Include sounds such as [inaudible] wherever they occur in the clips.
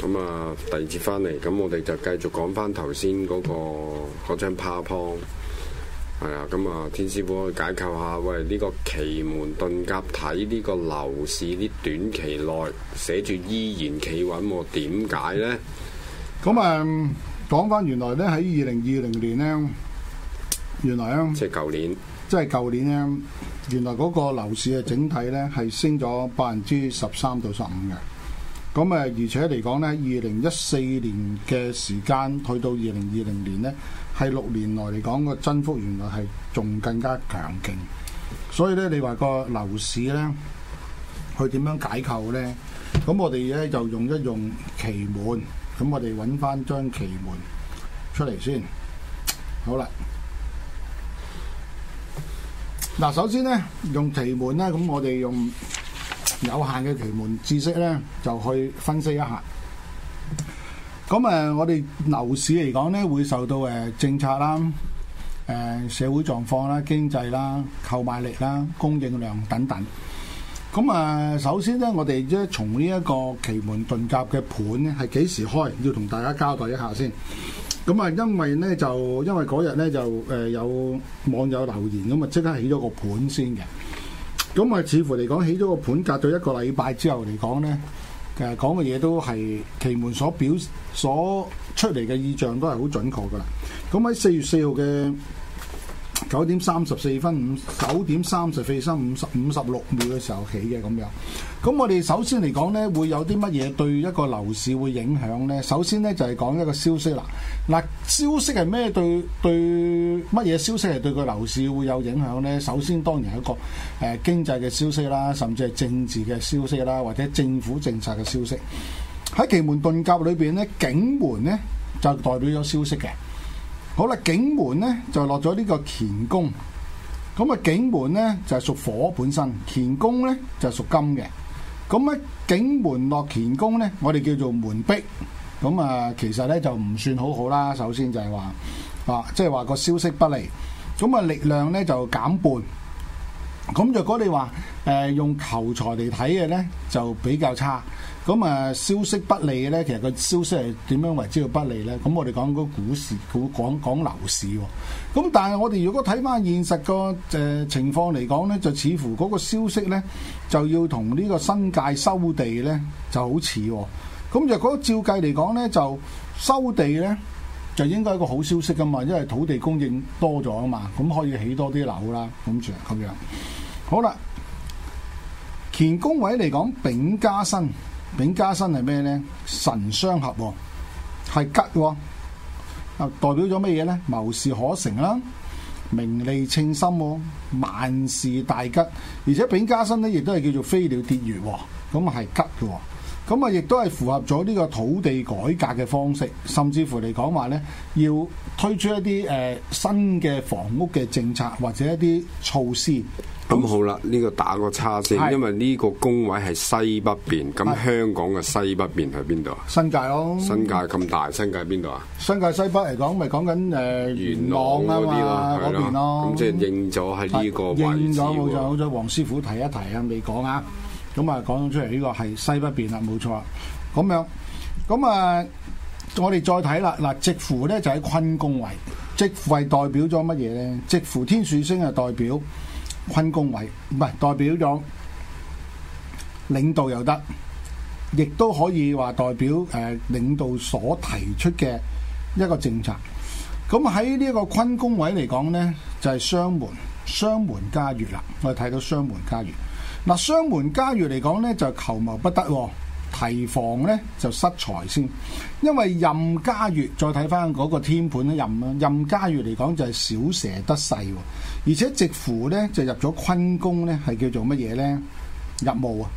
咁啊，第二節翻嚟，咁我哋就繼續講翻頭先嗰個嗰張 PowerPoint，係啊，咁啊，天師傅可以解構一下，喂，呢個奇門遁甲睇呢個樓市呢短期內寫住依然企穩喎，點解呢？咁啊，講翻原來呢，喺二零二零年呢，原來啊，即係舊年，即係舊年呢，原來嗰個樓市嘅整體呢，係升咗百分之十三到十五嘅。咁誒，而且嚟講呢，二零一四年嘅時間去到二零二零年呢，係六年來嚟講個增幅原來係仲更加強勁。所以呢，你話個樓市呢，佢點樣解構呢？咁我哋呢就用一用奇門，咁我哋揾翻張奇門出嚟先。好啦，嗱，首先呢用奇門啦，咁我哋用。有限嘅奇門知識呢，就去分析一下。咁啊，我哋樓市嚟講呢會受到誒政策啦、誒、呃、社會狀況啦、經濟啦、購買力啦、供應量等等。咁啊，首先呢，我哋即係從呢一個奇門遁甲嘅盤呢，係幾時開？要同大家交代一下先。咁啊，因為呢，就因為嗰日呢，就誒、呃、有網友留言，咁啊即刻起咗個盤先嘅。咁啊，似乎嚟講起咗個盤，隔咗一個禮拜之後嚟講呢，其實講嘅嘢都係奇門所表所出嚟嘅意象都係好準確噶喇。咁喺四月四號嘅，九點三十四分五，九點三十四分五十五,五十六秒嘅時候起嘅咁樣。咁我哋首先嚟講呢，會有啲乜嘢對一個樓市會影響呢？首先呢，就係、是、講一個消息啦。嗱，消息係咩？對對乜嘢消息係對個樓市會有影響呢？首先當然係一個誒、呃、經濟嘅消息啦，甚至係政治嘅消息啦，或者政府政策嘅消息。喺奇門遁甲裏面呢，景門呢，就代表咗消息嘅。好啦，景門咧就落咗呢個乾宮，咁啊景門咧就係屬火本身，乾宮咧就係屬金嘅，咁啊景門落乾宮咧，我哋叫做門迫，咁啊其實咧就唔算好好啦，首先就係話，啊即係話個消息，不利，咁啊力量咧就減半。咁如果你話、呃、用求財嚟睇嘅咧，就比較差。咁啊，消息不利呢，咧，其實個消息係點樣為之叫不利咧？咁我哋講個股市，講講樓市喎、哦。咁但係我哋如果睇翻現實個、呃、情況嚟講咧，就似乎嗰個消息咧就要同呢個新界收地咧就好似喎。咁若果照計嚟講咧，就收地咧。就應該一個好消息噶嘛，因為土地供應多咗啊嘛，咁可以起多啲樓啦，咁住咁樣。好啦，乾宮位嚟講，丙加申，丙加申係咩呢？神相合、喎，係吉、喎，代表咗咩嘢呢？謀事可成啦，名利稱心、喎，萬事大吉。而且丙加申呢，亦都係叫做飛鳥疊月，咁係吉嘅、喎。咁啊，亦都係符合咗呢個土地改革嘅方式，甚至乎嚟講話咧，要推出一啲、呃、新嘅房屋嘅政策或者一啲措施。咁好啦，呢、呢個打個叉先，是因為呢個宮位係西北邊，咁是香港嘅西北邊喺邊度啊？新界咯、哦。新界咁大，新界邊度啊？新界西北嚟講，咪講緊、呃、元朗嗰啲咯，嗰邊咯。咁、啊啊、即係應咗喺呢個位置、啊、認好，應咗好彩黃師傅提一提啊，未講啊？咁啊，講出嚟呢個係西北邊啦，冇錯。咁樣，咁啊，我哋再睇啦。嗱，直符咧就喺坤宮位，直符係代表咗乜嘢咧？直符天柱星係代表坤宮位，唔係代表咗領導又得，亦都可以話代表誒、呃、領導所提出嘅一個政策。咁喺呢一個坤宮位嚟講咧，就係、是、雙門，雙門加月啦。我哋睇到雙門加月。嗱，雙門家月嚟講咧，就求謀不得；提防咧，就失財先。因為任家月，再睇翻嗰個天盤咧，任啊。任家月嚟講就係小蛇得勢，而且直乎咧就入咗坤宮咧，係叫做乜嘢咧？入墓啊，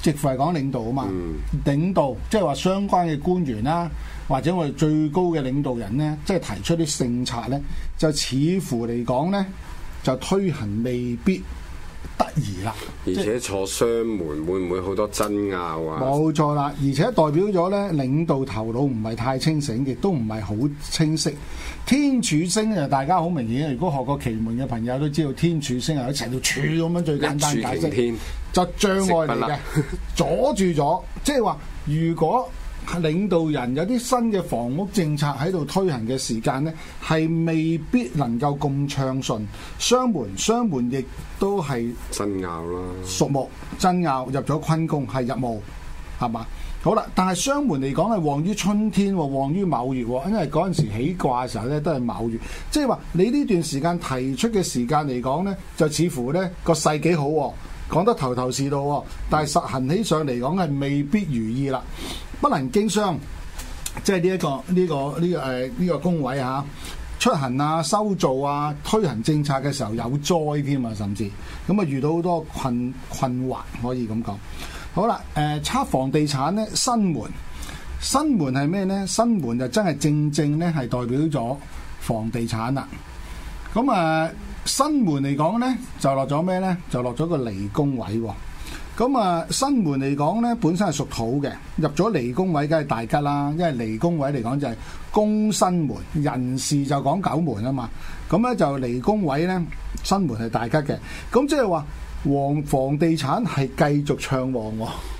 直乎係講領導啊嘛，嗯、領導即係話相關嘅官員啦、啊，或者我哋最高嘅領導人咧，即係提出啲政策咧，就似乎嚟講咧，就推行未必。得意啦，而且坐雙門會唔會好多爭拗啊？冇錯啦，而且代表咗咧，領導頭腦唔係太清醒，亦都唔係好清晰。天柱星就大家好明顯，如果學過奇門嘅朋友都知道，天柱星係一齊到柱咁樣，最簡單的解釋天就障礙嚟嘅，品 [laughs] 阻住咗，即係話如果。領導人有啲新嘅房屋政策喺度推行嘅時間呢，係未必能夠咁暢順。傷門，傷門亦都係爭拗啦，屬木爭拗入咗坤宮係入墓係嘛？好啦，但係傷門嚟講係旺於春天喎，旺於卯月，因為嗰陣時起卦嘅時候呢，都係卯月，即係話你呢段時間提出嘅時間嚟講呢，就似乎呢個勢幾好，講得頭頭是道，但係實行起上嚟講係未必如意啦。不能經商，即係呢一個呢個呢個誒呢個工位嚇，出行啊、修造啊、推行政策嘅時候有災添啊，甚至咁啊遇到好多困困惑，可以咁講。好啦，誒測房地產呢，新門，新門係咩呢？新門就真係正正呢係代表咗房地產啦。咁啊，新門嚟講呢，就落咗咩呢？就落咗個離工位喎。咁啊，生門嚟講咧，本身係屬土嘅，入咗離宮位，梗係大吉啦。因為離宮位嚟講就係宮生門，人事就講九門啊嘛。咁咧就離宮位咧，生門係大吉嘅。咁即係話。黃房地產係繼續暢旺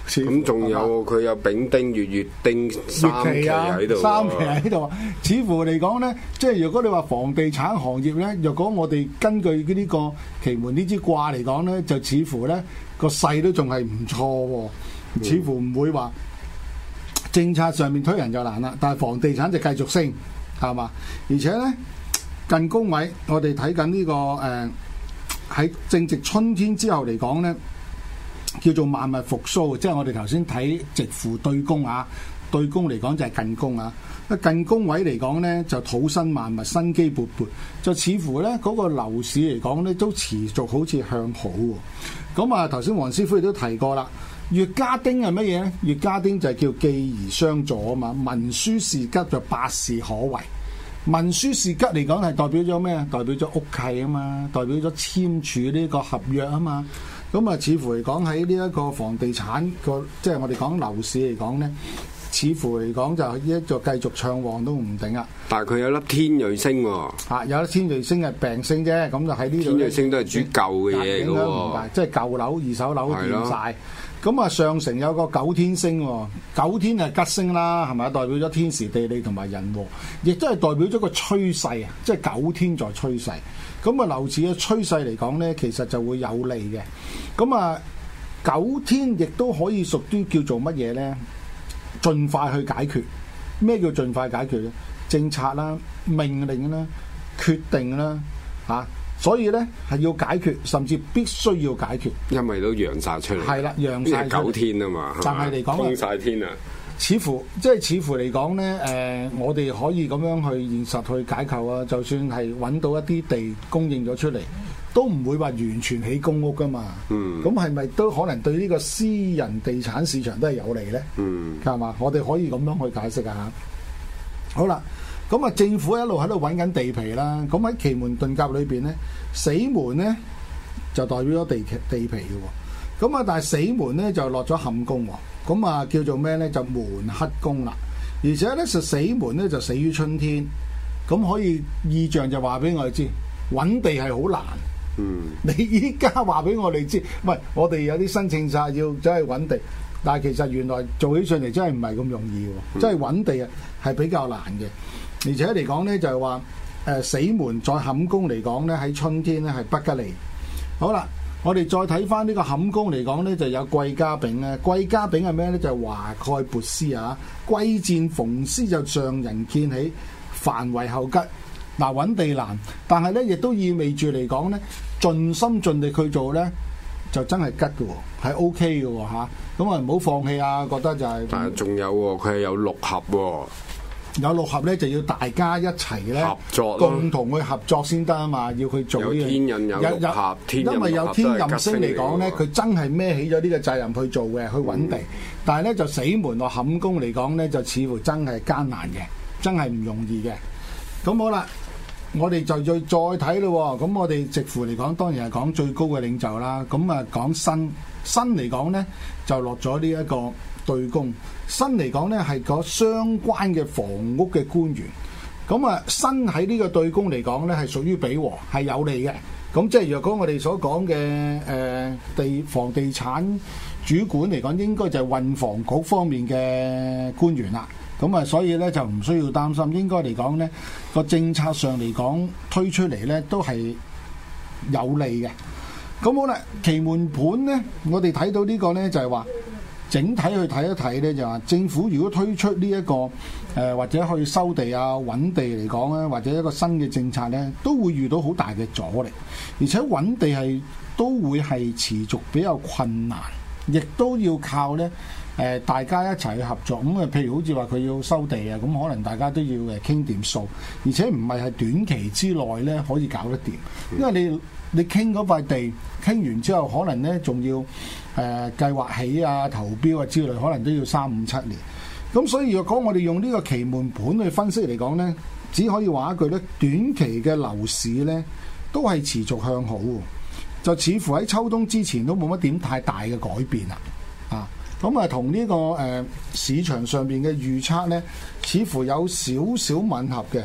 喎，咁仲有佢吧有丙丁月月丁三期喺、啊、度，三期喺度，啊、似乎嚟講咧，即係如果你話房地產行業咧，若果我哋根據呢呢個奇門呢支卦嚟講咧，就似乎咧個勢都仲係唔錯，似乎唔會話、嗯、政策上面推人就難啦，但係房地產就繼續升係咪？而且咧近高位，我哋睇緊呢個誒。呃喺正值春天之後嚟講呢，叫做萬物復甦，即係我哋頭先睇直符對宮啊，對宮嚟講就係近宮啊，啊近宮位嚟講呢就土生萬物，生機勃勃，就似乎呢嗰個樓市嚟講呢都持續好似向好喎。咁啊頭先黃師傅亦都提過啦，月家丁係乜嘢咧？月家丁就係叫既而相助啊嘛，文書事吉就百事可為。文書事吉嚟講係代表咗咩？代表咗屋契啊嘛，代表咗簽署呢個合約啊嘛。咁啊，似乎嚟講喺呢一個房地產個，即係我哋講樓市嚟講咧。似乎嚟講就一再繼續暢旺都唔定啊！但佢有粒天瑞星喎、喔，有粒天瑞星係病星啫，咁就喺呢度，天瑞星都係主舊嘅嘢嘅，即係舊樓、二手樓跌晒。咁啊，上城有個九天星，九天係吉星啦，係咪代表咗天時地利同埋人和？亦都係代表咗個趨勢啊，即係九天在趨勢。咁啊，樓市嘅趨勢嚟講咧，其實就會有利嘅。咁啊，九天亦都可以屬於叫做乜嘢咧？盡快去解決，咩叫盡快解決咧？政策啦、命令啦、決定啦，嚇、啊！所以咧係要解決，甚至必須要解決。因為都揚晒出嚟。係啦，揚晒九天啊嘛。但係嚟講啊，封晒天啊，似乎即係似乎嚟講咧，誒、呃，我哋可以咁樣去現實去解構啊，就算係揾到一啲地供應咗出嚟。都唔會話完全起公屋噶嘛，咁係咪都可能對呢個私人地產市場都係有利咧？係嘛、嗯？我哋可以咁樣去解釋下。好啦，咁啊，政府一路喺度揾緊地皮啦。咁喺奇門遁甲裏面咧，死門咧就代表咗地地皮嘅喎。咁啊，但係死門咧就落咗坎宮，咁啊叫做咩咧？就門剋宮啦。而且咧，就死門咧就死於春天，咁可以意象就話俾我哋知揾地係好難。嗯，你依家話俾我哋知，唔係我哋有啲申請晒要走去揾地，但係其實原來做起上嚟真係唔係咁容易喎，真係揾地啊係比較難嘅，嗯、而且嚟講咧就係話誒死門在坎宮嚟講咧喺春天咧係不吉利。好啦，我哋再睇翻呢個坎宮嚟講咧就有貴家餅啊，貴家餅係咩咧？就係、華蓋撥絲啊，歸戰逢絲就上人見起繁圍後吉。嗱，揾地難，但係咧亦都意味住嚟講咧，盡心盡力去做咧，就真係吉嘅，係 O K 嘅嚇。咁啊，唔好放棄啊！覺得就係、是，但係仲有喎、哦，佢係有六合喎、哦。有六合咧，就要大家一齊咧，合作、啊，共同去合作先得啊嘛。要去做呢嘢，有天任有六合，天任六合都係吉星嚟嘅。因為有天任星嚟講咧，佢真係孭起咗呢個責任去做嘅，去揾地。嗯、但係咧，就死門落坎宮嚟講咧，就似乎真係艱難嘅，真係唔容易嘅。咁好啦。我哋就要再睇咯，咁我哋直乎嚟講，當然係講最高嘅領袖啦。咁啊，講新新嚟講呢，就落咗呢一個對公。新嚟講呢，係個相關嘅房屋嘅官員。咁啊，新喺呢個對公嚟講呢，係屬於比和，係有利嘅。咁即係若果我哋所講嘅誒地房地產主管嚟講，應該就係運房局方面嘅官員啦。咁啊，所以咧就唔需要擔心，應該嚟講呢個政策上嚟講推出嚟呢都係有利嘅。咁好啦，奇門盤呢，我哋睇到呢個呢，就係話整體去睇一睇呢，就話政府如果推出呢一個誒或者去收地啊、揾地嚟講咧，或者一個新嘅政策呢，都會遇到好大嘅阻力，而且揾地係都會係持續比較困難。亦都要靠呢誒大家一齊去合作咁啊！譬如好似話佢要收地啊，咁可能大家都要誒傾掂數，而且唔係係短期之內呢可以搞得掂，因為你你傾嗰塊地傾完之後，可能呢仲要誒計劃起啊、投標啊之類，可能都要三五七年。咁所以若果我哋用呢個奇門盤去分析嚟講呢，只可以話一句咧，短期嘅樓市呢，都係持續向好。就似乎喺秋冬之前都冇乜點太大嘅改變啦，啊，咁啊同呢個誒市場上面嘅預測呢，似乎有少少吻合嘅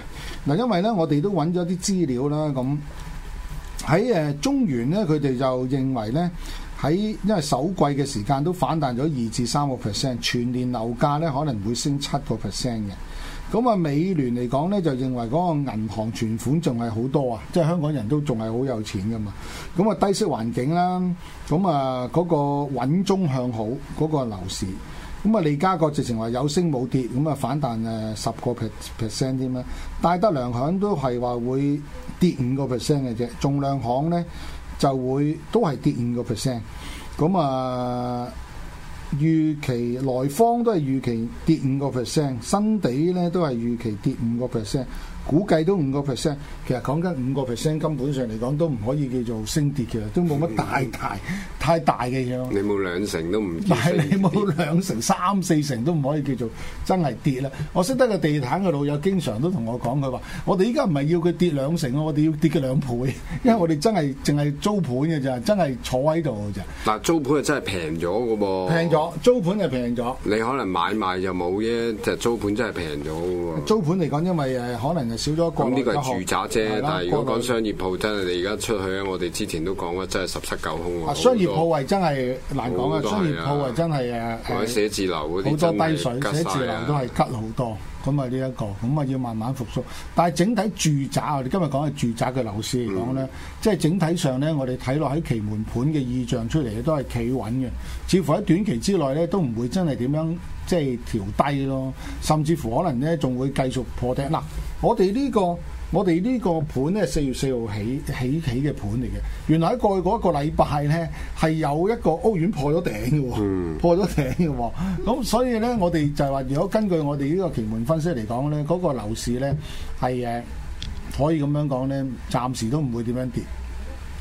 嗱，因為呢，我哋都揾咗啲資料啦，咁喺誒中原呢，佢哋就認為呢，喺因為首季嘅時間都反彈咗二至三個 percent，全年樓價呢可能會升七個 percent 嘅。咁啊，美聯嚟講咧，就認為嗰個銀行存款仲係好多啊，即係香港人都仲係好有錢噶嘛。咁啊，低息環境啦，咁啊嗰個穩中向好嗰個樓市。咁啊，利嘉閣直情話有升冇跌，咁啊反彈誒十個 percent 添啦。戴德梁行都係話會跌五個 percent 嘅啫，仲量行咧就會都係跌五個 percent。咁啊～預期內方都係預期跌五個 percent，新地呢都係預期跌五個 percent。估計都五個 percent，其實講緊五個 percent，根本上嚟講都唔可以叫做升跌嘅，其實都冇乜大大 [laughs] 太大嘅嘢咯。你冇兩成都唔，但係你冇兩成三四成都唔可以叫做真係跌啦。我識得個地產嘅老友，經常都同我講佢話：我哋依家唔係要佢跌兩成咯，我哋要跌佢兩倍，因為我哋真係淨係租盤嘅咋，真係坐喺度嘅咋。但，租盤係真係平咗嘅噃。平咗，租盤係平咗。你可能買賣又冇啫，就租盤真係平咗嘅喎。租盤嚟講，因為誒可能。少咗一個啦，咁呢個係住宅啫。的但係如果講商業鋪，內真係你而家出去咧，我哋之前都講過真係十七九空。商業鋪位真係難講多啊！商業鋪位真係誒，寫字樓啲好多低水寫字樓都係吉好多，咁啊呢一、這個咁啊要慢慢復甦。但係整體住宅我哋今日講係住宅嘅樓市嚟講咧，嗯、即係整體上咧，我哋睇落喺奇門盤嘅意象出嚟，都係企穩嘅。似乎喺短期之內咧，都唔會真係點樣即係調低咯，甚至乎可能咧仲會繼續破頂嗱。我哋呢個我哋呢個盤咧，四月四號起起嘅盤嚟嘅，原來喺過去嗰一個禮拜咧，係有一個屋苑破咗頂嘅喎，嗯、破咗頂嘅喎，咁所以咧，我哋就係話，如果根據我哋呢個奇門分析嚟講咧，嗰個樓市咧係誒可以咁樣講咧，暫時都唔會點樣跌。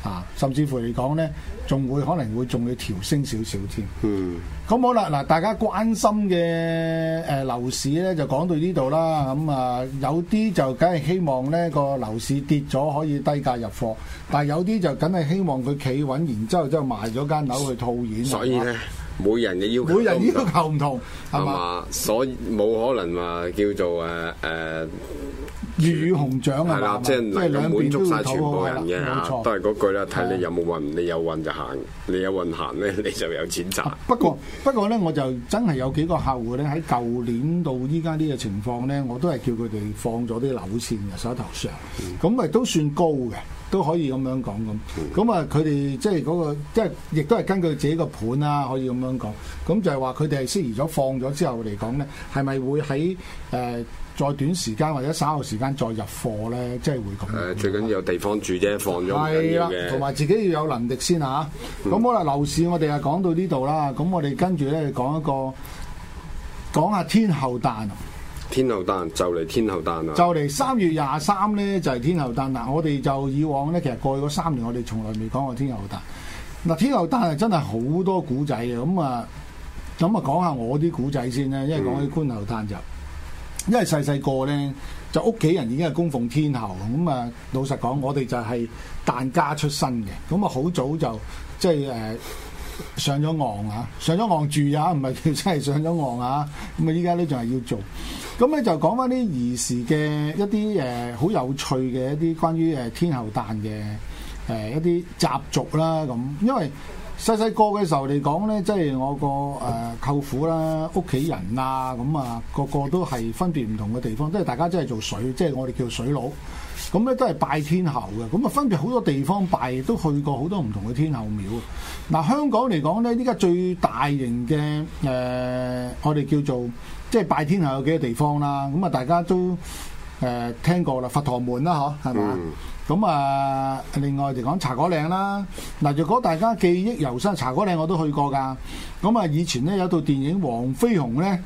啊，甚至乎嚟講咧，仲會可能會仲要調升少少添。嗯，咁好啦，嗱，大家關心嘅誒樓市咧，就講到呢度啦。咁啊，有啲就梗係希望呢個樓市跌咗可以低價入貨，但係有啲就梗係希望佢企穩，然之後之後賣咗間樓去套現。所以咧。每人嘅要求不，每人要求唔同，係嘛吧？所以冇可能話叫做誒誒魚與熊掌係啦，即係兩邊都滿足晒喎，係啦，冇錯。都係嗰句啦，睇你有冇運，你有運就行，你有運行咧，你就有錢賺。不過我 不過咧，我就真係有幾個客戶咧，喺舊年到依家呢個情況咧，我都係叫佢哋放咗啲樓線嘅手頭上，咁咪都算高嘅。都可以咁樣講咁，咁啊佢哋即係嗰個即係亦都係根據自己個盤啦，可以咁樣講。咁就係話佢哋係適宜咗放咗之後嚟講咧，係咪會喺誒再短時間或者稍後時間再入貨咧？即係會咁。誒，最緊要有地方住啫，放咗係啦，同埋自己要有能力先吓。咁好啦，樓市我哋啊講到呢度啦，咁我哋跟住咧講一個講下天后誕。天后誕就嚟天后誕啦，就嚟三月廿三咧就係天后誕嗱，我哋就以往咧其實過去嗰三年我哋從來未講過天后誕嗱，天后誕係真係好多古仔嘅咁啊，咁、嗯、啊、嗯、講下我啲古仔先啦，因為講起觀後誕就，因為細細個咧就屋企人已經係供奉天后，咁、嗯、啊老實講我哋就係疍家出身嘅，咁啊好早就即係誒上咗岸啊，上咗岸住啊，唔係真係上咗岸啊，咁啊依家都就係要做。咁咧就講翻啲兒時嘅一啲誒好有趣嘅一啲關於誒天后誕嘅誒一啲習俗啦咁，因為細細個嘅時候嚟講咧，即係我個誒舅父啦、屋企人啊咁啊，個個都係分別唔同嘅地方，即係大家真係做水，即係我哋叫水佬，咁咧都係拜天后嘅，咁啊分別好多地方拜，都去過好多唔同嘅天后廟。嗱，香港嚟講咧，依家最大型嘅誒，我哋叫做。即係拜天后有幾個地方啦，咁啊大家都誒、呃、聽過啦，佛堂門啦嗬，係嘛，咁啊、嗯、另外就講茶果嶺啦，嗱若果大家記憶猶新，茶果嶺我都去過噶，咁啊以前咧有套電影《黃飛鴻》咧。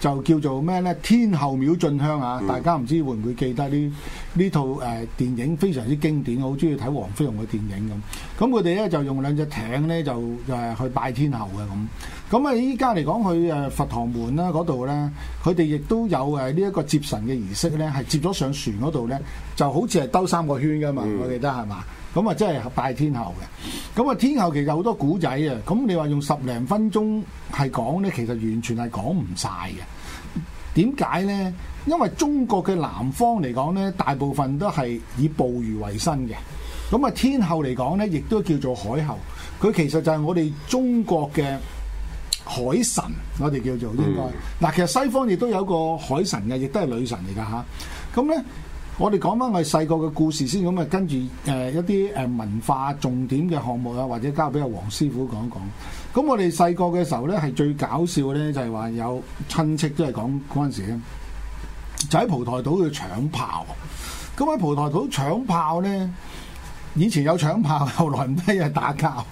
就叫做咩呢？天后廟進香啊！嗯、大家唔知會唔會記得呢呢套誒電影非常之經典，好中意睇黃飛鴻嘅電影咁。咁佢哋呢就用兩隻艇呢，就誒去拜天后嘅咁。咁啊依家嚟講去佛堂門啦嗰度呢，佢哋亦都有呢一個接神嘅儀式呢，係接咗上船嗰度呢，就好似係兜三個圈噶嘛，嗯、我記得係嘛。咁啊，真係拜天后嘅。咁啊，天后其實好多古仔啊。咁你話用十零分鐘係講呢，其實完全係講唔曬嘅。點解呢？因為中國嘅南方嚟講呢，大部分都係以捕魚為生嘅。咁啊，天后嚟講呢，亦都叫做海后。佢其實就係我哋中國嘅海神，我哋叫做應該。嗱，嗯、其實西方亦都有個海神嘅，亦都係女神嚟㗎吓，咁呢。我哋講翻我哋細個嘅故事先，咁啊跟住一啲文化重點嘅項目啊，或者交俾阿黃師傅講一講。咁我哋細個嘅時候咧，係最搞笑咧，就係話有親戚都係講嗰陣時咧，就喺蒲台島去搶炮。咁喺蒲台島搶炮咧，以前有搶炮，後來唔得又係打交。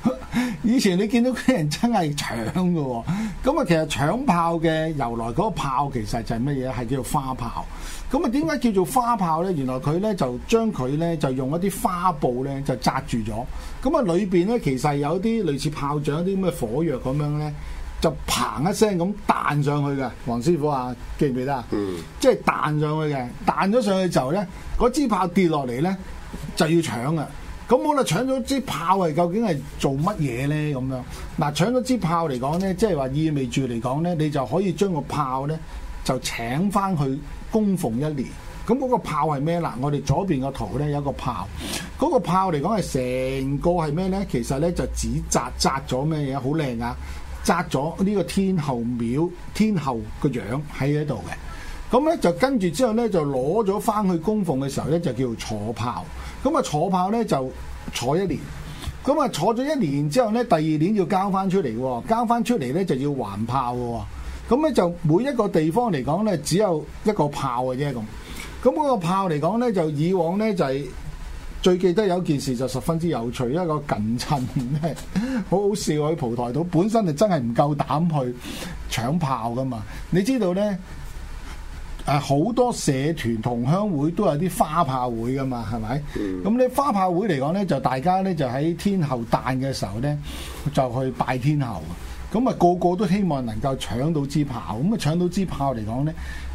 以前你見到啲人真係搶嘅喎。哦，咁啊其實搶炮嘅由來，嗰個炮其實就係乜嘢？係叫，叫做花炮。咁啊點解叫做花炮咧？原來佢咧就將佢咧就用一啲花布咧就紮住咗。咁啊裏面咧其實有啲類似炮仗啲咁嘅火藥咁樣咧，就嘭一聲咁彈上去嘅。黃師傅啊，記唔記得啊？嗯。即係彈上去嘅，彈咗上去就咧，嗰支炮跌落嚟咧就要搶啊！咁我哋搶咗支炮係究竟係做乜嘢咧？咁樣嗱，搶咗支炮嚟講咧，即係話意味住嚟講咧，你就可以將個炮咧就請翻去供奉一年。咁嗰個炮係咩嗱，我哋左邊個圖咧有個炮，嗰個炮嚟講係成個係咩咧？其實咧就只紮紮咗咩嘢，好靚啊！紮咗呢個天后廟天后個樣喺喺度嘅。咁咧就跟住之後咧就攞咗翻去供奉嘅時候咧就叫做坐炮。咁啊坐炮呢，就坐一年，咁啊坐咗一年之後呢，第二年要交翻出嚟，交翻出嚟呢，就要還炮喎。咁咧就每一個地方嚟講呢，只有一個炮嘅啫。咁，咁嗰個炮嚟講呢，就以往呢、就係，就係最記得有件事就十分之有趣，一個近親咧，好好笑喎！蒲台島本身就真係唔夠膽去搶炮噶嘛，你知道呢。誒好多社團同鄉會都有啲花炮會㗎嘛，係咪？咁呢、嗯、花炮會嚟講呢，就大家呢，就喺天后誕嘅時候呢，就去拜天后。咁啊個個都希望能夠搶到支炮。咁啊搶到支炮嚟講呢，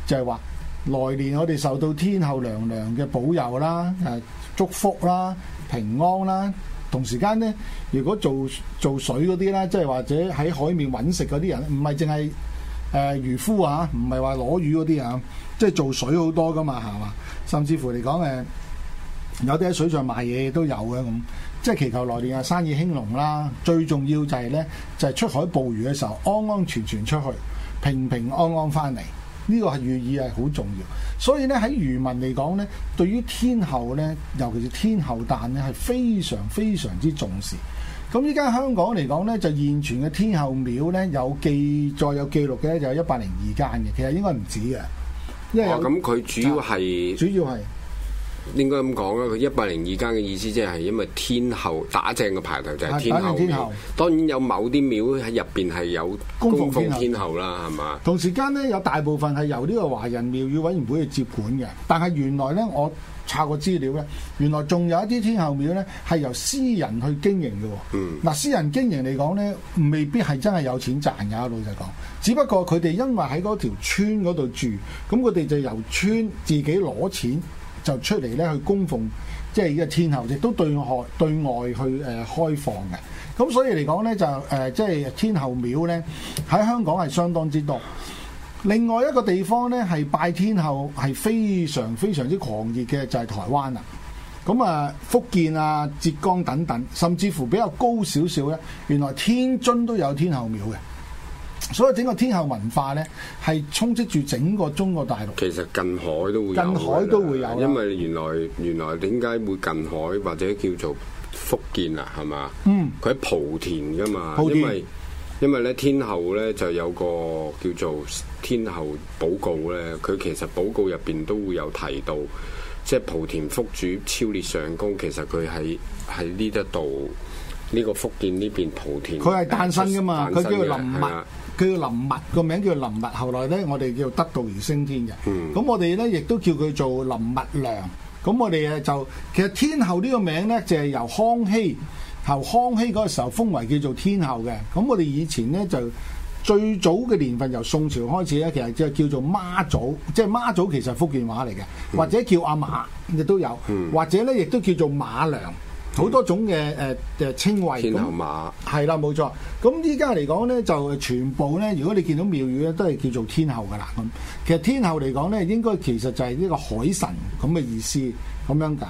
就係、是、話來年我哋受到天后娘娘嘅保佑啦、誒祝福啦、平安啦。同時間呢，如果做做水嗰啲啦，即係或者喺海面揾食嗰啲人，唔係淨係。誒、呃、漁夫啊，唔係話攞魚嗰啲啊，即係做水好多噶嘛，係嘛？甚至乎嚟講、呃、有啲喺水上賣嘢都有嘅咁，即係祈求來年啊生意興隆啦。最重要就係呢，就係、是、出海捕魚嘅時候安安全全出去，平平安安翻嚟，呢、這個係寓意係好重要。所以呢，喺漁民嚟講呢對於天后呢，尤其是天后誕呢，係非常非常之重視。咁依家香港嚟講咧，就現存嘅天后廟咧，有記載，有記錄嘅就係一百零二間嘅，其實應該唔止嘅。因為咁，佢、哦、主要係主要係應該咁講啦。佢一百零二間嘅意思，即係因為天后打正嘅牌頭就係天后，天后當然有某啲廟喺入邊係有供奉天后啦，係嘛？吧同時間咧，有大部分係由呢個華人廟宇委員會去接管嘅。但係原來咧，我查過資料咧，原來仲有一啲天后廟咧係由私人去經營嘅。嗯，嗱，私人經營嚟講咧，未必係真係有錢賺㗎，老實講。只不過佢哋因為喺嗰條村嗰度住，咁佢哋就由村自己攞錢就出嚟咧去供奉，即係呢個天后，亦都對外對外去誒開放嘅。咁所以嚟講咧就誒，即係天后廟咧喺香港係相當之多。另外一個地方呢，係拜天后係非常非常之狂熱嘅，就係台灣啦。咁啊，福建啊、浙江等等，甚至乎比較高少少呢，原來天津都有天后廟嘅。所以整個天后文化呢，係充斥住整個中國大陸。其實近海都會有，近海都會有。因為原來原來點解會近海或者叫做福建啊？係嘛？嗯。佢喺莆田噶嘛？因為咧天后咧就有個叫做天后寶誥咧，佢其實寶誥入邊都會有提到，即係莆田福主超烈上宮。其實佢喺喺呢一度呢個福建呢邊莆田，佢係誕生㗎嘛，佢叫林默，佢、嗯、叫林默，個名叫林默。後來咧，我哋叫得道而升天嘅。咁、嗯、我哋咧亦都叫佢做林默娘。咁我哋誒就其實天后呢個名咧就係、是、由康熙。後康熙嗰個時候封為叫做天后嘅，咁我哋以前咧就最早嘅年份由宋朝開始咧，其實就叫做媽祖，即係媽祖其實係福建話嚟嘅，或者叫阿媽亦都有，或者咧亦都叫做馬娘。好、嗯、多種嘅誒誒稱謂，天后馬係啦，冇錯。咁依家嚟講咧，就全部咧，如果你見到廟宇咧，都係叫做天后噶啦。咁其實天后嚟講咧，應該其實就係呢個海神咁嘅意思咁樣解。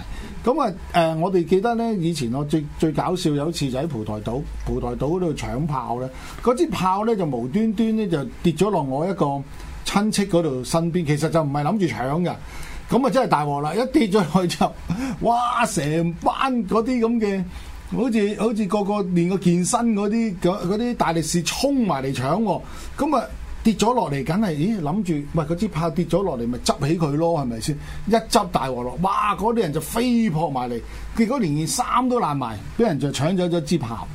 咁啊、呃、我哋記得咧，以前我最最搞笑有一次就喺蒲台島，蒲台島嗰度搶炮咧，嗰支炮咧就無端端咧就跌咗落我一個親戚嗰度身邊，其實就唔係諗住搶㗎。咁啊真係大鑊啦！一跌咗去就，哇！成班嗰啲咁嘅，好似好似個個練個健身嗰啲，啲大力士衝埋嚟搶喎。咁啊跌咗落嚟，梗係，咦？諗住咪，嗰支炮跌咗落嚟，咪執起佢咯，係咪先？一執大鑊咯，哇！嗰啲人就飛撲埋嚟，結果連件衫都爛埋，俾人就搶走咗支炮。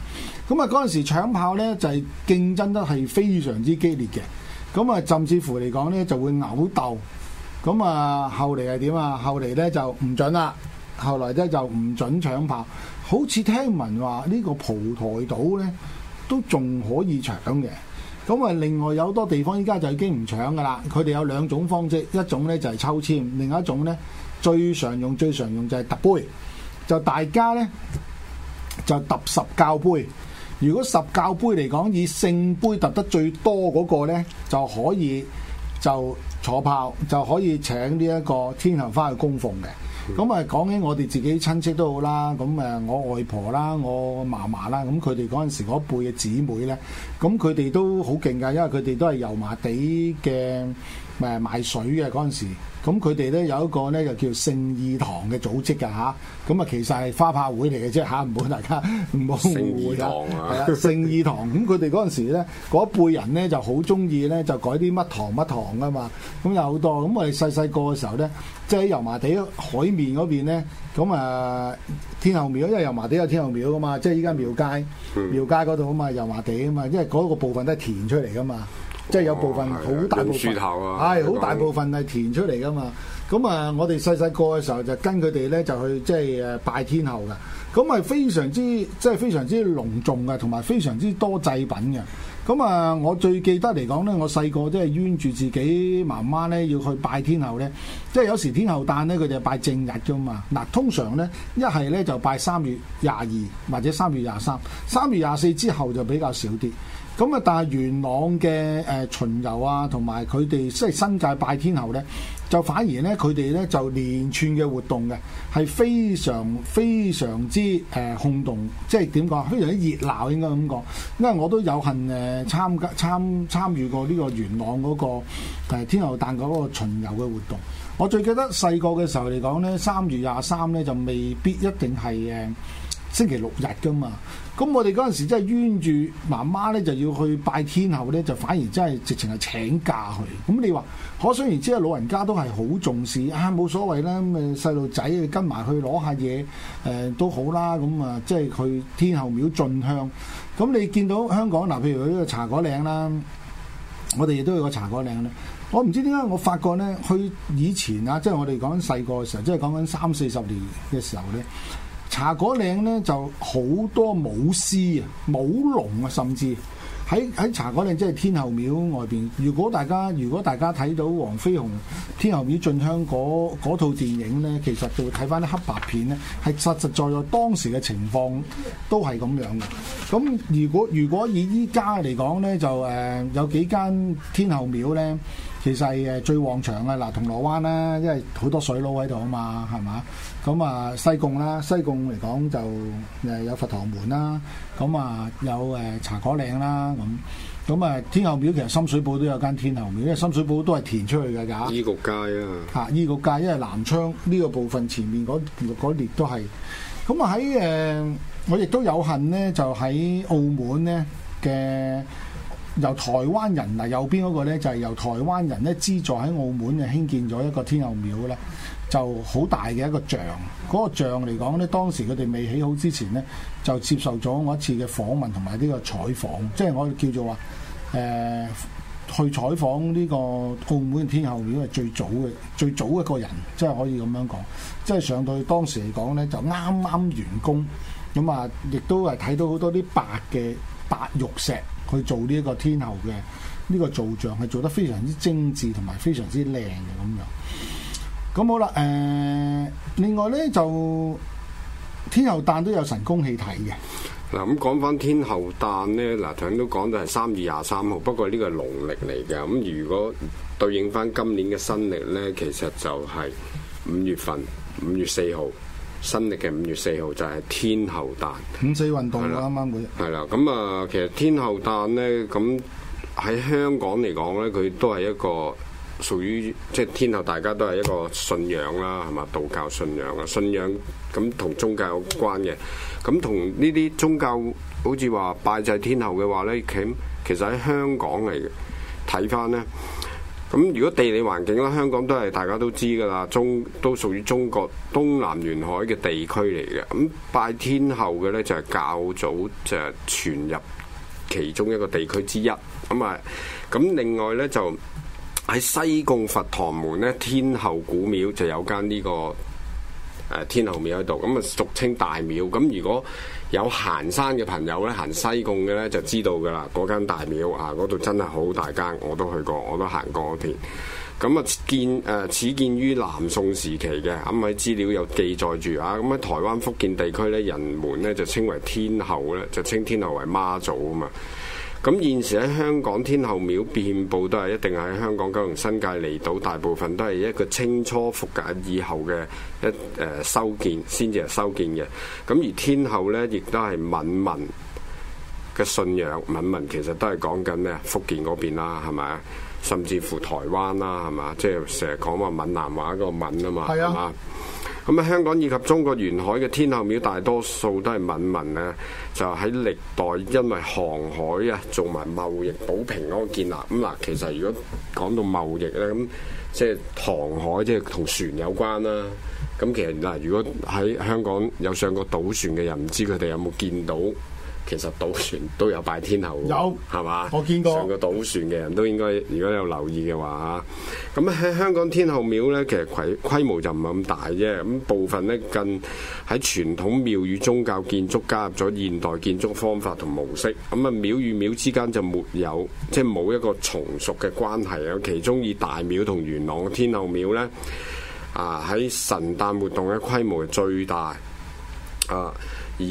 咁啊嗰陣時搶炮咧就係、是、競爭得係非常之激烈嘅，咁啊甚至乎嚟講咧就會毆鬥。咁啊，後嚟係點啊？後嚟呢就唔準啦。後來呢就唔準搶炮，好似聽聞話呢個蒲台島呢都仲可以搶嘅。咁啊，另外有多地方依家就已經唔搶噶啦。佢哋有兩種方式，一種呢就係抽籤，另一種呢最常用、最常用就係揼杯。就大家呢就揼十教杯。如果十教杯嚟講，以聖杯揼得最多嗰個呢就可以就。坐炮就可以請呢一個天后翻去供奉嘅，咁誒講起我哋自己親戚都好啦，咁誒我外婆啦，我嫲嫲啦，咁佢哋嗰陣時嗰輩嘅姊妹呢，咁佢哋都好勁噶，因為佢哋都係油麻地嘅。誒賣水嘅嗰陣時，咁佢哋咧有一個咧就叫聖義堂嘅組織㗎。吓，咁啊其實係花炮會嚟嘅啫吓，唔好大家唔好誤會啦。係啦，聖義堂，咁佢哋嗰陣時咧，嗰一輩人咧就好中意咧就改啲乜堂乜堂㗎嘛，咁有好多。咁我哋細細個嘅時候咧，即係喺油麻地海面嗰邊咧，咁啊天后廟，因為油麻地有天后廟噶嘛，即係依家廟街廟、嗯、街嗰度啊嘛，油麻地啊嘛，因為嗰個部分都係填出嚟噶嘛。即係有部分好、哦、大部分，係好大部分係填出嚟噶嘛。咁啊，我哋細細個嘅時候就跟佢哋咧就去即係、誒、拜天后嘅。咁係非常之即係、就是、非常之隆重嘅，同埋非常之多祭品嘅。咁啊，我最記得嚟講咧，我細個即係冤住自己媽媽咧要去拜天后咧。即係有時天后誕咧，佢哋就拜正日噶嘛。嗱，通常咧一係咧就拜三月廿二或者三月廿三，三月廿四之後就比較少啲。咁啊！但係元朗嘅誒巡遊啊，同埋佢哋即係新界拜天后咧，就反而咧佢哋咧就連串嘅活動嘅，係非常非常之誒轟動，即係點講？非常之、呃就是、非常熱鬧應該咁講。因為我都有幸誒參加參參與過呢個元朗嗰、嗰個誒天后誕嗰個巡遊嘅活動。我最記得細個嘅時候嚟講咧，三月廿三咧就未必一定係誒。呃星期六日噶嘛，咁我哋嗰陣時真係冤住媽媽呢，就要去拜天后呢，就反而真係直情係請假去。咁你話，可想而知啊，老人家都係好重視啊，冇所謂啦，咁誒細路仔跟埋去攞下嘢都好啦，咁啊即係去天后廟進香。咁你見到香港嗱，譬如呢個茶果嶺啦，我哋亦都有個茶果嶺咧。我唔知點解我發覺呢去以前啊，即係我哋講緊細個嘅時候，即係講緊三四十年嘅時候呢。茶果嶺呢就好多舞獅啊、舞龍啊，甚至喺喺茶果嶺即係、就是、天后廟外邊。如果大家如果大家睇到黃飛鴻天后廟進香嗰套電影呢，其實就會睇翻啲黑白片，呢係實實在在當時嘅情況都係咁樣嘅。咁如果如果以依家嚟講呢，就、呃、有幾間天后廟呢。其實誒最旺場啊！嗱，銅鑼灣啦，因為好多水佬喺度啊嘛，係嘛？咁啊西貢啦，西貢嚟講就誒有佛堂門啦，咁啊有誒茶果嶺啦，咁咁啊天后廟其實深水埗都有間天后廟，因為深水埗都係填出去嘅，嚇。醫局街啊！嚇，醫局街因為南昌呢個部分前面嗰嗰列都係，咁啊喺誒我亦都有幸咧，就喺澳門咧嘅。由台灣人嗱右邊嗰個呢，就係由台灣人呢資助喺澳門嘅興建咗一個天后廟呢就好大嘅一個像。嗰個像嚟講呢，當時佢哋未起好之前呢，就接受咗我一次嘅訪問同埋呢個採訪，即係我叫做話誒去採訪呢個澳門嘅天后廟係最早嘅，最早一個人，即係可以咁樣講，即係上到去當時嚟講呢，就啱啱完工，咁啊，亦都係睇到好多啲白嘅白玉石。去做呢一個天后嘅呢個造像，係做得非常之精緻同埋非常之靚嘅咁樣。咁好啦，誒、呃，另外呢，就天后誕都有神功戲睇嘅。嗱，咁講翻天后誕呢，嗱，頭先都講到係三月廿三號，不過呢個係農曆嚟嘅。咁如果對應翻今年嘅新曆呢，其實就係五月份，五月四號。新曆嘅五月四號就係天后誕，五四運動啦，啱啱會係啦。咁啊，其實天后誕咧，咁喺香港嚟講咧，佢都係一個屬於即係天后，大家都係一個信仰啦，係嘛？道教信仰啊，信仰咁同宗教有關嘅，咁同呢啲宗教好似話拜祭天后嘅話咧，其實喺香港嚟睇翻咧。咁如果地理環境啦，香港都係大家都知㗎啦，中都屬於中國東南沿海嘅地區嚟嘅。咁拜天后嘅呢，就係較早就係傳入其中一個地區之一。咁啊，咁另外呢，就喺西貢佛堂門呢，天后古廟就有一間呢、呢個。誒天后廟喺度，咁啊俗稱大廟。咁如果有行山嘅朋友咧，行西貢嘅咧，就知道㗎啦。嗰間大廟啊，嗰度真係好大間，我都去過，我都行過嗰片。咁啊，建誒始建於南宋時期嘅，咁喺資料有記載住啊。咁喺台灣福建地區咧，人們咧就稱為天后咧，就稱天后為媽祖啊嘛。咁現時喺香港天后廟遍佈都係一定喺香港九龍新界離島，大部分都係一個清初復界以後嘅一誒、呃、修建先至係修建嘅。咁而天后呢，亦都係閩民嘅信仰，閩民其實都係講緊咩福建嗰邊啦，係咪啊？甚至乎台灣啦，係咪？即係成日講話，閩南話，嗰個閩啊嘛，係啊。咁香港以及中國沿海嘅天后廟，大多數都係敏民咧，就喺歷代因為航海啊，做埋貿易保平安建立。咁嗱，其實如果講到貿易咧，咁即係航海，即係同船有關啦。咁其實嗱，如果喺香港有上過渡船嘅人，唔知佢哋有冇見到？其實賭船都有拜天后，有係嘛？吧我見過上個賭船嘅人都應該，如果有留意嘅話，咁喺香港天后廟呢，其實規規模就唔係咁大啫。咁部分呢，近喺傳統廟宇宗教建築加入咗現代建築方法同模式。咁啊，廟與廟之間就沒有，即係冇一個從屬嘅關係啊。其中以大廟同元朗嘅天后廟呢，啊喺神誕活動嘅規模最大啊，而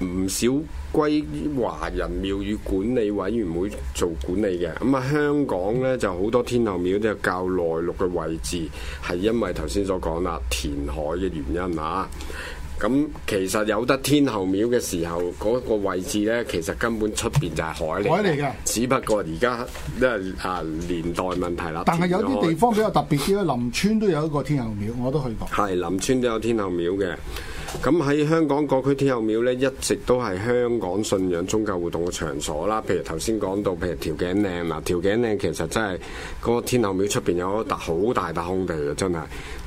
唔少歸於華人廟宇管理委員會做管理嘅。咁啊香港呢就好多天后廟都有較內陸嘅位置，係因為頭先所講啦，填海嘅原因吓。咁其實有得天后廟嘅時候，嗰、嗰個位置呢其實根本出邊就係海。海嚟嘅，只不過而家因為啊年代問題啦。但係有啲地方比較特別，啲， [laughs] 林村都有一個天后廟，我都去過。係林村都有天后廟嘅。咁喺香港各區天后廟咧，一直都係香港信仰宗教活動嘅場所啦。譬如頭先講到，譬如調景嶺嗱，調景嶺其實真係嗰、那個天后廟出邊有一笪好大笪空地嘅，真係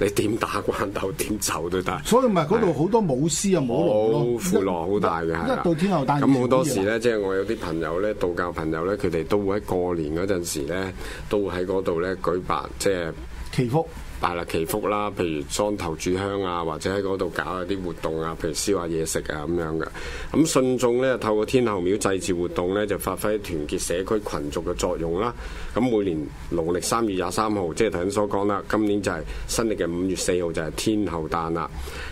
你點打關斗點走都得。所以咪嗰度好多舞獅啊、舞龍咯，一到天后誕，咁好的多時咧，即係的我有啲朋友咧，道教朋友咧，佢哋都會喺過年嗰陣時咧，都會喺嗰度咧舉辦即係、就是、祈福。大喇祈福啦，譬如裝頭炷香啊，或者喺嗰度搞一啲活動啊，譬如燒下嘢食啊咁樣嘅。咁信眾呢，透過天后廟祭祀活動呢，就發揮團結社區群眾嘅作用啦。咁每年農曆三月廿三號，即係頭先所講啦，今年就係新歷嘅五月四號就係天后誕啦。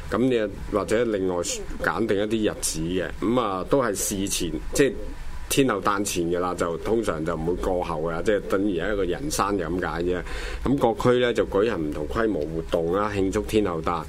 咁你或者另外揀定一啲日子嘅咁啊，都係事前即係，就是天后誕前嘅啦，就通常就唔會過後嘅，即係等於一個人生咁解啫。咁各區呢就舉行唔同規模活動啦，慶祝天后誕。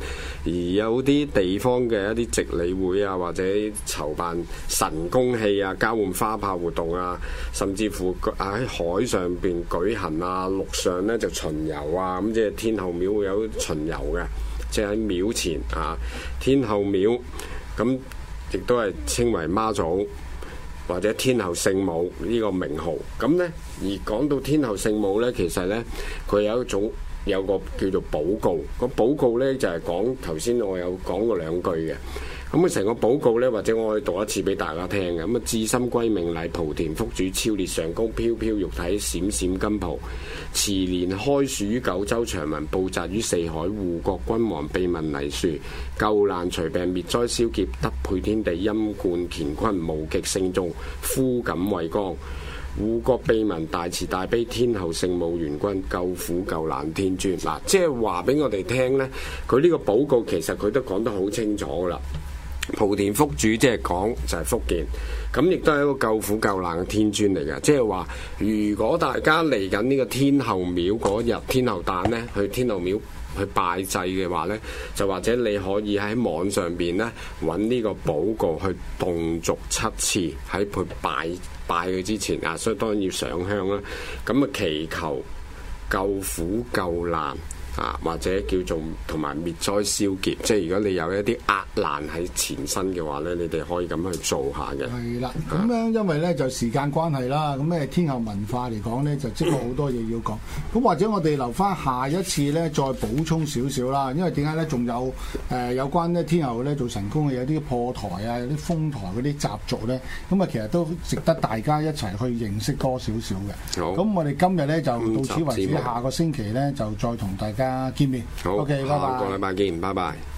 而有啲地方嘅一啲值理會啊，或者籌辦神功戲啊、交換花炮活動啊，甚至乎喺海上邊舉行啊，陸上呢就巡遊啊。咁即係天后廟會有巡遊嘅，即係喺廟前啊，天后廟咁、就是、亦都係稱為媽祖。或者天后聖母呢個名號，咁呢而講到天后聖母呢，其實呢，佢有一種有個叫做寶告，個寶告呢，就係講頭先我有講過兩句嘅。咁啊，成個報告呢，或者我可以讀一次俾大家聽嘅。咁啊，志心歸命禮，莆田福主超烈上高，飄飄玉體，閃閃金袍。慈蓮開樹於九州，長文布澤於四海，護國君王秘聞，庇民黎庶，救難除病，滅災消劫，德配天地，恩冠乾坤，無極聖眾，呼錦為光，護國庇民，大慈大悲，天后聖母元君，救苦救難天尊。嗱，即係話俾我哋聽呢，佢呢個報告其實佢都講得好清楚啦。莆田福主即係講就係，就是，福建，咁亦都係一個救苦救難嘅天尊嚟嘅。即係話，如果大家嚟緊呢個天后廟嗰日天，天后誕呢，去天后廟去拜祭嘅話呢，就或者你可以喺網上面呢，揾呢個寶誥去動足七次喺佢拜拜佢之前啊，所以當然要上香啦。咁啊，祈求救苦救難。啊，或者叫做同埋滅災消劫，即係如果你有一啲壓難喺前身嘅話咧，你哋可以咁去做一下嘅。係啦，咁樣因為咧就時間關係啦，咁咧天后文化嚟講咧就即係好多嘢要講。咁 [coughs] 或者我哋留翻下一次咧再補充少少啦。因為點解咧仲有誒、呃、有關咧天后咧做神功嘅有啲破台啊，有啲封台嗰啲習俗咧，咁啊其實都值得大家一齊去認識多少少嘅。好，咁我哋今日咧就到此為止，下個星期咧就再同大家。好，下個禮拜見，拜拜。